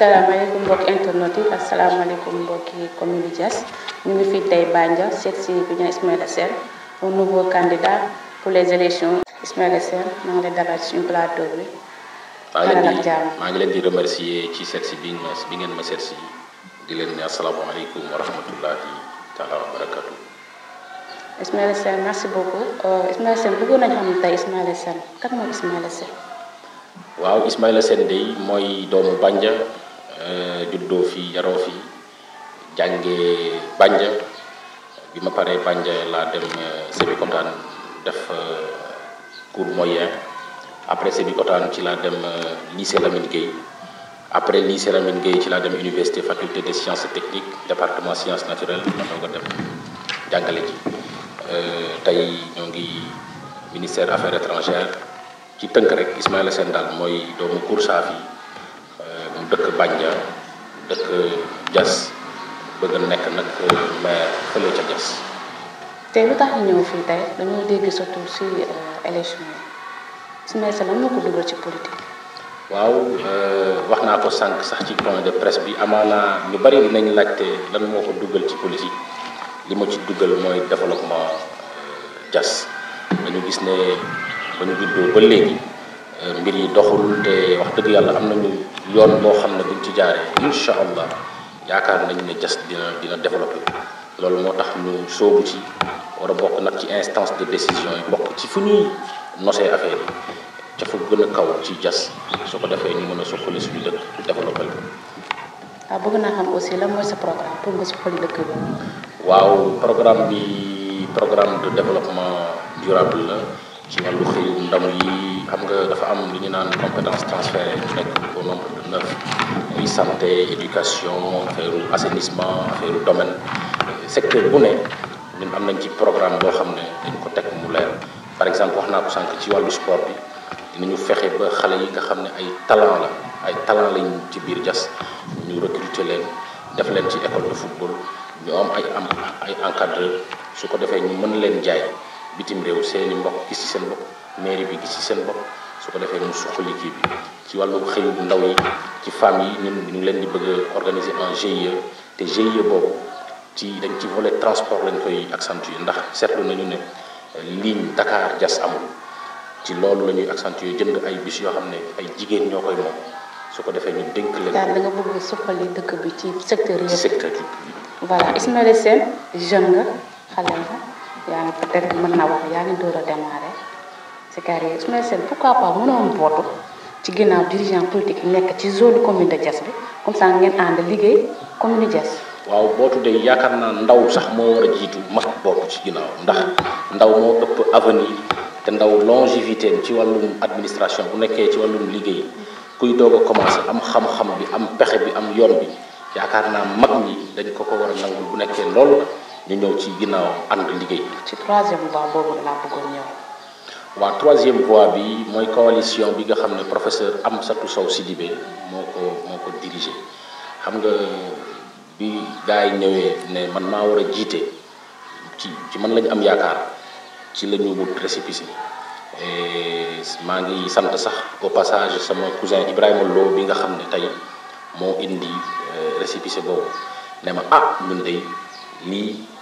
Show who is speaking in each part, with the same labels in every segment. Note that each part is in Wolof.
Speaker 1: asalaamaaleykum mbokki internet yi asalaamaaleykum mbokki commune bi ñu ngi fi tey Bandia seet si ku ñu Ismaïla Sène un nouveau candidat pour maa ngi lay dalal bi.
Speaker 2: maa ngi leen di ci seet si bi bi ngeen ma seet si di leen ne euh, mooy Ismaïla Sène. doomu Bandia Euh, juddoo fii yaroo fi jànge Bandia bi ma paree Bandia laa dem euh, Sébikotane def euh, cours moyen après Sébikotane ci laa dem lycée Lamine Gueye après lycée Lamine géey ci laa dem université faculté des sciences techniques département sciences naturelles ma doog a dem jàngale ji tey ñoo ngi ministère affaire étrangères ci tënk rek Ismaïla seen daal mooy doomu Koursaafi dëkk Bagna dëkk Diass bëgg nekk nag euh, maire fële ca Diass.
Speaker 1: tey lu tax ñu fii tey dañoo dégg sa tur si euh, élection yi su ma lan moo ko duggal ci politique.
Speaker 2: waaw euh, wax naa ko sànq sax ci point de presse bi amaana ñu bari dinañ laajte lan moo ko dugal ci politique li ma ci dugal mooy développement Diass dañu gis ne ba ñu juddoo ba léegi. mbir yi doxul te wax dëgg yàlla am nañu yoon boo xam ne buñ ci jaaree incha allah yaakaar nañ ne jas dina dina développé loolu moo tax ñu soobu ci war a bokk nag ci instance de décision bokk ci fu ñuy nosee affaire yi ca fu gën a kaw ci jas soo ko defee ñu mën a suqali suñu dëkk développé ko.
Speaker 1: waaw ah, bëgg naa aussi lan mooy pour nga suqali dëkk bi.
Speaker 2: waaw programme bi programme de développement durable la. ci wàllu xëyu ndaw yi xam nga dafa am lu ñu naan compétence transfert ñu nekk au nombre de neuf ay santé éducation affaire assainissement affaire domaine secteur bu ne ñun am nañ ci programme boo xam ne dañ ko teg mu leer par exemple wax naa ko sànq ci wàllu sport bi ni ñu fexe ba xale yi nga xam ne ay talent la ay talent lañ ci biir jas ñu recruter leen def leen ci école de football ñu am ay am ay su ko defee ñu mën leen jaay bitim réew seeni mbokk gis ci seen bopp mairie bi gis ci seen bopp su ko defee mu suqali kii bi ci wàllu xëyu ndaw yi ci femmes yi ñun ñu ngi leen di bëgg a organiser un GIE te GIE boobu ci dañ ci volet transport lañ koy accentuer ndax seetlu nañu ne euh, ligne Dakar Diass amul ci loolu la ñuy accentuer jënd ay bus yoo xam ne ay jigéen ñoo koy moom su ko defee ñu dénk leen. daal da
Speaker 1: nga bëgg suqali dëkk bi ci secteur yëpp. secteur yëpp. voilà Ismaël Sène jeune nga xale nga. yaa ngi peut être mën na wax yaa ngi door a démarrer sa carrière Ismaël Sène pourquoi pas mënoon bootu ci ginnaaw dirigeant politique yi nekk ci zone commune de Diass bi comme ça ngeen ànd liggéey commune Diass.
Speaker 2: waaw bootu de yaakaar naa ndaw sax moo war a jiitu mag bokk ci ginnaaw ndax ndaw moo ëpp avenir te ndaw longévité ci wàllum administration bu nekkee ci wàllum liggéey kuy doog a commencé am xam-xam bi am pexe bi am yoon bi yaakaar naa mag ñi dañ ko ko war a nangul bu nekkee loolu ñu ñëw ci ginnaaw ànd liggéey. ci troisième voie
Speaker 1: boobu laa bëggoon ñëw.
Speaker 2: waaw troisième voie bi mooy coalition bi nga xam ne professeur Amsatou Sow Sidibé moo ko moo ko dirigé xam nga bi gars yi ñëwee ne man maa war a jiite ci ci man lañu am yaakaar ci la ñu wut récépissé maa ngi sant sax au passage sama cousin Ibrahima Lo bi nga xam ne tey moo indi euh, récépissé boobu ne ma ah ñun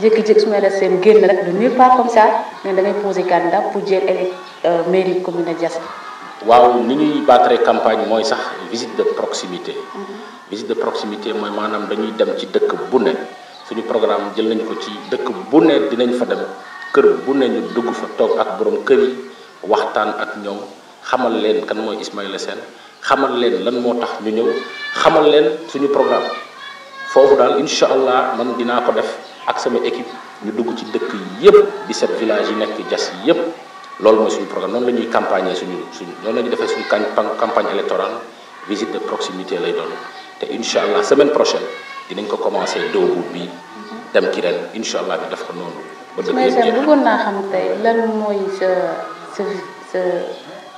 Speaker 2: jékki-jékki su may def seen génn rek de nulle part
Speaker 1: comme ça mais da ngay poser candidat pour jël élec euh, mairie commune de
Speaker 2: waaw ni ñuy battre campagne moy sax visite de proximité. Mm-hmm. visite de proximité moy manam dañuy dem ci dëkk bu ne suñu programme jël nañ ko ci dëkk bu ne dinañ fa dem kër bu ne ñu dugg fa tok ak borom kër yi waxtaan ak ñoom xamal leen kan moy ismaïl sen xamal leen lan mo tax ñu ñew xamal leen suñu programme fofu dal inshallah man dina ko def. ak sama équipe ñu dugg ci dëkk yëpp 17 village yi nekk jas yi yëpp loolu mooy suñu programme noonu la ñuy campagne suñu suñu noonu la ñuy defee suñu campagne électorale visite de proximité lay doon te incha allah semaine prochaine dinañ ko commencé doobu bi dem ci ren incha allah bi def ko noonu. ba dëkk yëpp jeex bëggoon
Speaker 1: naa xam tey lan mooy sa sa sa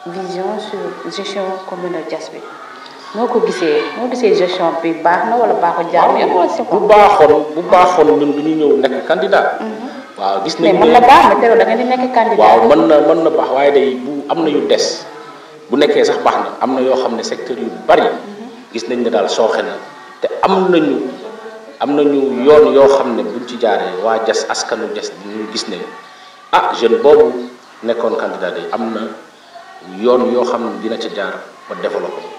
Speaker 1: vision sur gestion commune de Diass bi. noo ko gisee moo gisee gestion bi baax na wala baaxul jaar bu
Speaker 2: baaxoon bu baaxoon ñun du ñu ñëw nekk candidat. Mm-hmm. waaw gis nañu ne mën na baax mais
Speaker 1: da nga di nekk candidat. mën na
Speaker 2: mën na baax waaye day bu am na yu des bu nekkee sax baax na am na yoo xam ne secteur yu bari mm-hmm. gis nañ ne daal sooxe te am nañu am nañu yoon yoo xam ne buñ ci jaaree waa jas askanu jas ñu gis ne ah jeune boobu nekkoon candidat yi am na yoon yoo xam ne dina ca jaar ba développé.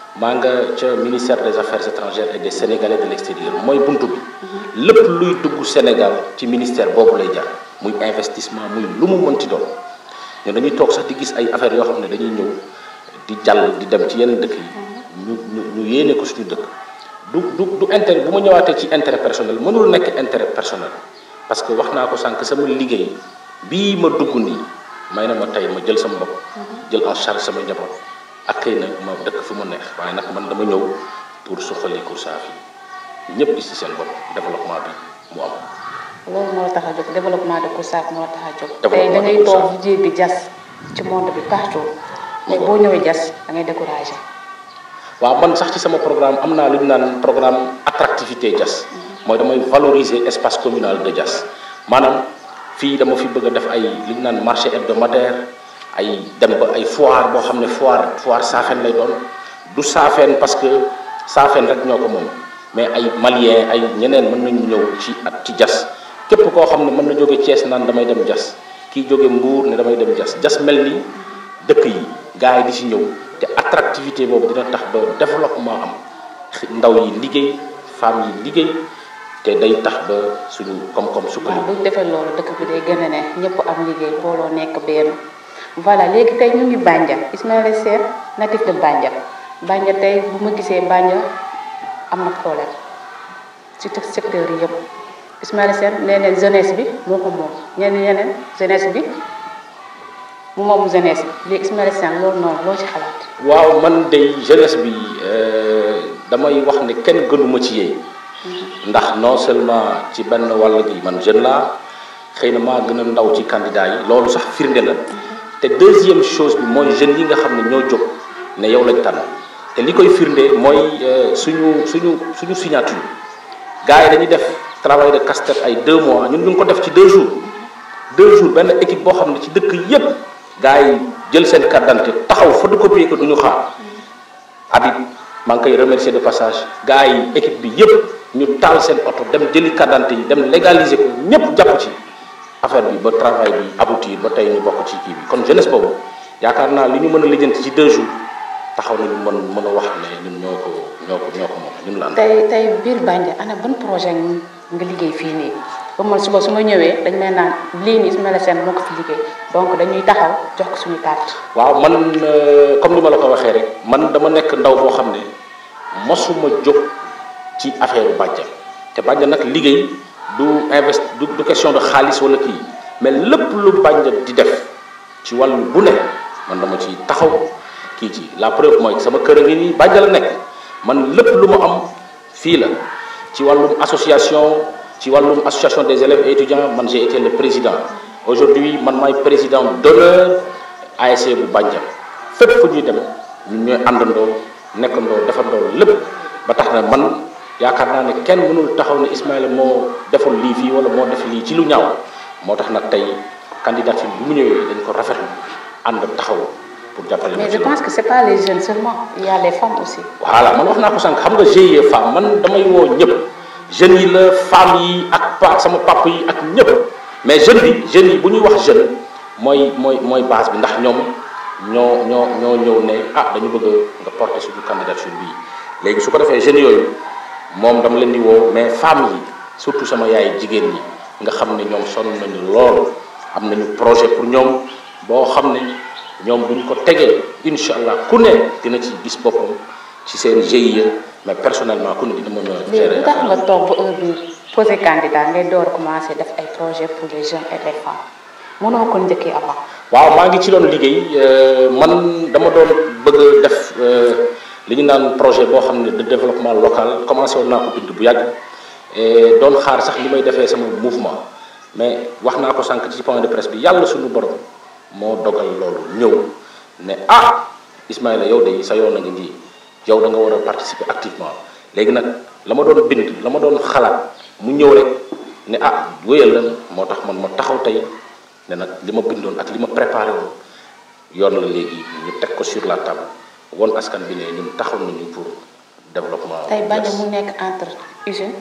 Speaker 2: maa ci ministère des affaires étrangères et des sénégalais de l'extérieur moy buntu bi lepp luy dugg Sénégal ci ministère bobu lay jar muy investissement muy lu mu mënti doon ñu dañuy toog sax di gis ay affaires yoo xam ne dañuy ñëw di jàll di dem ci yeneen dëkk yi ñu ñu ñu yéene ko suñu dëkk du du du intérêt bu ma ñëwaatee ci intérêt personnel mënul nekk intérêt personnel parce que wax naa ko sànq sama liggéey bii ma dugg nii may na ma tey ma jël sama bopp jël en charge sama njaboot. ak na ma dëkk fu mu neex waaye nag man dama ñëw pour soxaliku Koursaafi ñëpp gis ci seen bopp développement bi mu am.
Speaker 1: loolu moo tax a jóg développement de Koursaafi moo tax a jóg. développement tey da ngay toog liggéey bi jas ci monde bi partout.
Speaker 2: mais boo ñëwee jas
Speaker 1: da ngay découragé.
Speaker 2: waaw man sax ci sama programme am naa lu ñu naan programme attractivité jas mooy mhm. damay valoriser espace communal de jas maanaam fii dama fi bëgg a def ay li ñu naan marché hebdomadaire ay dem ba ay foire boo xam ne foire foire saafeen lay doon du saafeen parce que saafeen rek ñoo ko moom mais ay malien ay ñeneen mën nañu ñëw ci at ci jas képp koo xam ne mën na jóge Thiès naan damay dem jas kii jóge Mbour ne damay dem jas jas mel ni dëkk yi gars yi di si ñëw te attractivité boobu dina tax ba développement am ndaw yi liggéey femmes yi liggéey te day tax ba suñu koom-koom sukkali bu
Speaker 1: ñu defee loolu dëkk bi day gën a ne ñëpp am liggéey booloo nekk benn voilà léegi tey ñu ngi Bandia Ismaïla Seck natif de Bandia Bandia tey bu ma gisee Bandia am na problème ci secteur yi yëpp Ismaïla Seck nee neen jeunesse bi moo ko moom ñenn ñeneen jeunesse bi mu moom jeunesse bi léegi Ismaïla Seck loolu noonu loo ci xalaat.
Speaker 2: waaw man de jeunesse bi euh, damay wax ne kenn gënuma ci yéen. Mm-hmm. ndax non seulement ci benn wàll gi man jeune laa xëy na maa gën ndaw ci candidat yi loolu sax firnde la. Mm-hmm. te deuxième chose bi mooy jeunes yi nga xam ne ñoo jóg ne yow lañ tànn te li koy firnde mooy euh, suñu suñu suñu signature gars yi dañuy def travail de casse ay deux mois ñun ñu ko def ci deux jours deux jours benn équipe boo xam ne ci dëkk yépp gars yi jël seen carte d'identité taxaw photocopier ko du ñu xaar Habib maa ngi koy remercier de passage gars yi équipe bi yépp ñu taal seen oto dem jëli carte d'identité yi dem légaliser ko ñépp jàpp ci affaire bi ba travail bi aboutir ba tey ñu bokk ci kii bi kon jeunesse boobu yaakaar naa li ñu mën a lijjanti ci deux jours taxaw na ñu mën mën a wax ne ñun ñoo ko ñoo ko ñoo ko moom ñun la tey
Speaker 1: tey biir Bandia ana ban projet nga liggéey fii nii ba man suba su ma ñëwee eh, dañ may naan lii nii Ismaïla Sène moo ko fi liggéey donc dañuy taxaw jox ko suñu carte
Speaker 2: waaw man comme ni ma la ko waxee rek man dama nekk ndaw boo xam ne mosuma jóg ci affaire Bandia te Bandia nag liggéey du invest du question de xaalis wala kii mais lépp lu bañ di def ci wàllu bu ne man dama ci taxaw kii ci la preuve mooy sama kër a ngi nii bañ la nekk man lépp lu ma am fii la ci wàllum association ci wàllum association des élèves et étudiants man j'ai été le président aujourd'hui man may président d'honneur ASC e bu Bandia fépp fu ñuy dem ñun ñooy àndandoo nekkandoo defandoo lépp ba tax na man yaakaar naa ne kenn mënul taxaw ne Ismaïla moo deful lii fii wala moo def lii ci lu ñaaw moo tax nag tey candidature bi mu ñëwee dañ ko rafetlu ànd taxaw pour jàppale. mais je pense que c'est pas
Speaker 1: les jeunes seulement il a
Speaker 2: wax naa ko sànq xam nga GIE femme man damay woo ñëpp jeunes yi la femmes yi ak pa sama papa yi ak ñëpp mais jeune bi jeunes yi bu ñuy wax jeune mooy mooy mooy base bi ndax ñoom ñoo ñoo ñoo ñëw ne ah dañu bëgg nga porter suñu candidature bii léegi su ko defee jeunes yooyu. moom dama leen di woo mais femmes yi surtout sama yaay jigéen ñi nga xam ne ñoom sonn nañu lool am nañu projet pour ñoom boo xam ne ñoom buñ ko tegee incha allah ku ne dina ci gis boppam ci seen GIE mais personnellement ku ne dina mën a nga
Speaker 1: toog ba heure bi posé commencé def ay projet pour les jeunes et les femmes mënoo
Speaker 2: waaw maa ngi ci doon liggéey euh, man dama doon bëgg def. Euh, li ñu naan projet boo xam ne de développement local commencé woon naa ko bind bu yàgg et doon xaar sax li may defee sama mouvement mais wax naa ko sànq ci point de presse bi yàlla suñu borom moo dogal loolu ñëw ne ah Ismaïla yow de sa yoon na nga nii yow da nga war a participer activement léegi nag la ma doon bind la ma doon xalaat mu ñëw rek ne ah wéyal la moo tax man ma taxaw tey ne nag li ma bindoon ak li ma préparé woon yoon la léegi ñu teg ko sur la table. won askan bi ne ñun taxaw nañu pour développement. tey
Speaker 1: Bada mu nekk entre usine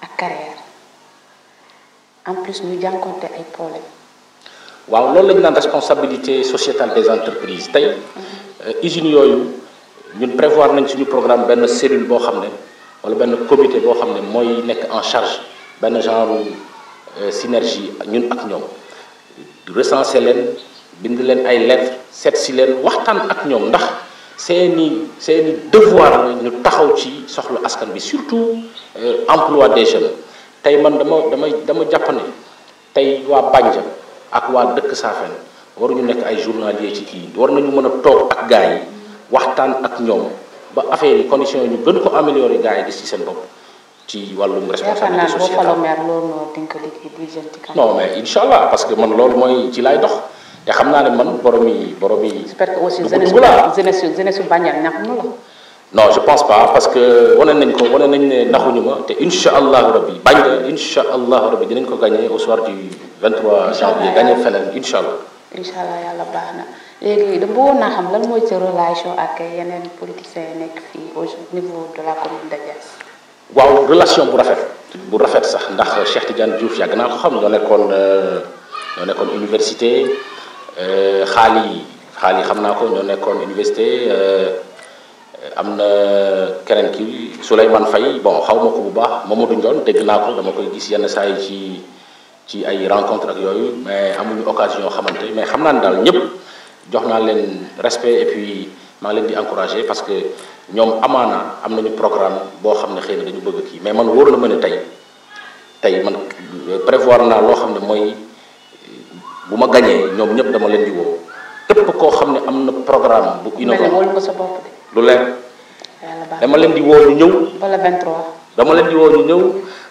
Speaker 1: ak carrière en plus ñu jànkoonte ay problème
Speaker 2: waaw loolu lañu naan responsabilité sociétale des entreprises tey euh, usine yooyu ñun prévoir nañ suñu programme benn cellule boo xam ne wala benn comité boo xam ne mooy nekk en charge benn genre euh, synergie ñun ak ñoom recenser leen bind leen ay lettres seet si leen waxtaan ak ñoom ndax. seeni seeni devoir la ñu taxaw ci soxla askan bi surtout euh, emploi des jeunes tey man dama damay dama jàpp ne tey waa Bandia ak waa dëkk Saafeen waruñu nekk ay journalier ci kii war nañu mën a toog ak gars yi waxtaan ak ñoom ba affaire yi conditions yi ñu ko améliorer gars yi gis ci seen bopp ci wàllum responsabilité sociale non mais incha allah parce que man loolu mooy ci laay dox te xamna naa ne man borom yi borom yi. j'espère que aussi jeunesse
Speaker 1: su jeunesse su Bandiara ñàkk la.
Speaker 2: non je pense pas parce que wane nañ ko wane nañ né naxuñu ma te incha allahu rabi bañ la incha allahu rabi dinañ ko gagner au soir du 23 janvier gagné feneen inshallah allah.
Speaker 1: incha allah yàlla baax na da bëggoon naa xam lan moy sa relation ak yenen politiciens yi nekk fii au niveau de la commune de Diass.
Speaker 2: waaw relation bu rafet. bu rafet sax ndax Cheikh Tidiane Diouf yag na ko xam ñoo nekkoon euh, ñoo nekkoon université. xaal yi xaal yi xam naa ko ñoo nekkoon université am na keneen ki Souleymane Faye bon xaw ma ko bu baax Mamadou Ndione dégg naa ko dama koy gis yenn saa yi ci ci ay rencontre ak yooyu mais amuñu occasion xamante mais xam naa ne daal ñëpp jox naa leen respect et puis maa ngi leen di encourager parce que ñoom amaana am nañu programme boo xam ne xëy na dañu bëgg kii mais man wóor na ma ne tey tey man prévoir naa loo xam ne mooy. bu ma gañee ñoom ñëpp dama leen di woo képp koo xam ne am na programme bu innovant lu leer dama leen di woo ñu ñëw wala dama leen di woo ñu ñëw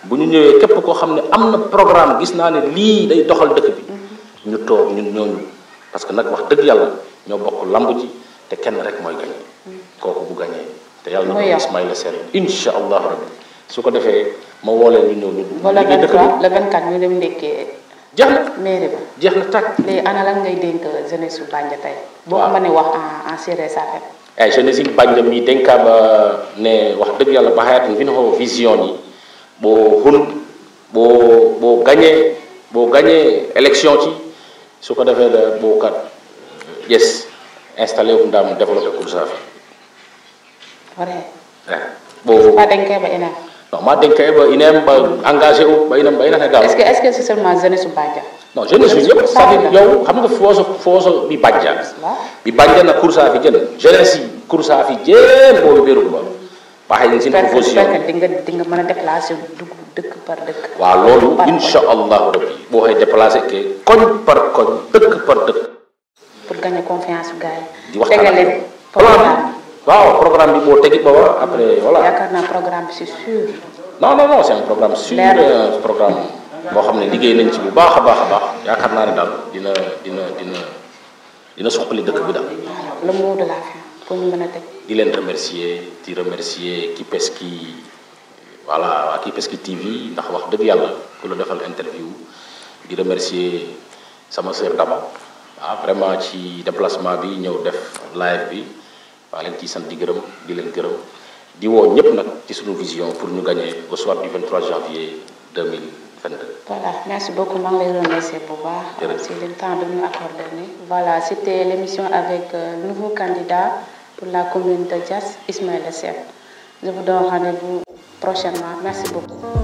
Speaker 2: bu ñu ñëwee képp koo xam ne am na programme gis naa ne lii day doxal dëkk bi mhm. ñu toog ñun ñooñu parce que nag wax dëgg yàlla ñoo bokk lamb ji te kenn rek mooy gañee mhm. kooku bu gañee te yàlla na ko Ismaïla Sène insha allahu rabbi su ko defee ma woo leen ñu ñëw ñu. wala 23
Speaker 1: le 24 ñu dem ndekkee jeex na mairie ba jeex na tàkk. léegi an lan ngay dénk jeunesse su Bandia tey. boo mënee wax en en séeréer saa fekk.
Speaker 2: Eh, ay jeunesse yi Bandia euh, ne wax dëgg yàlla baxayatan winho vision yi boo xun boo boo gagné boo gagné élection ci su ko defee la boo kat euh, yes installé wu ndaam développé Kourouza. vrai. waaw eh, boo. dañ koy ba No, ma den kay ba inem ba engagé ou ba inem ba inem ga. Est-ce que
Speaker 1: est-ce que c'est seulement jeune su badja?
Speaker 2: Non, jeune su yeb sa di yow xam nga foso foso bi badja. Bi badja na course afi jeune. Jeune si course afi jeune bo beru ba. Ba hay sin ko fosi. Parce que
Speaker 1: dinga dinga mëna déplacer dug deuk
Speaker 2: par deuk. Wa lolu inshallah rabbi bo hay déplacer ke kon par kon deuk par deuk.
Speaker 1: Pour gagner confiance gaay. Tégalé. Voilà.
Speaker 2: Wow, programme bi boo tegi ba après voilà.
Speaker 1: yaakaar un programme c'est sûr.
Speaker 2: non non non c'est un programme sûr. un programme boo xam ne liggéey di ci di baax di baax a baax yaakaar naa ne daal dina dina dina dina suqali dëkk bi daal.
Speaker 1: le mot de la fin pour ñu mën a teg.
Speaker 2: di leen remercier di remercier Kipeski voilà waa Kipeski TV ndax wax dëgg yàlla ku la defal interview di remercier sama sœur Daba ah vraiment qui déplacement bi ñëw def live bi. maa leen ciy sant di gërëm di leen gërëm di woo ñëpp nag ci vision pour nous gagner au soir du 23 janvier 2022.
Speaker 1: voilà merci beaucoup Mme ngi lay pour bu baax. le temps de nous accorder. voilà c'était l'émission avec euh, le nouveau candidat pour la commune de Diass Ismaël Sène je vous donne rendez-vous prochainement merci beaucoup.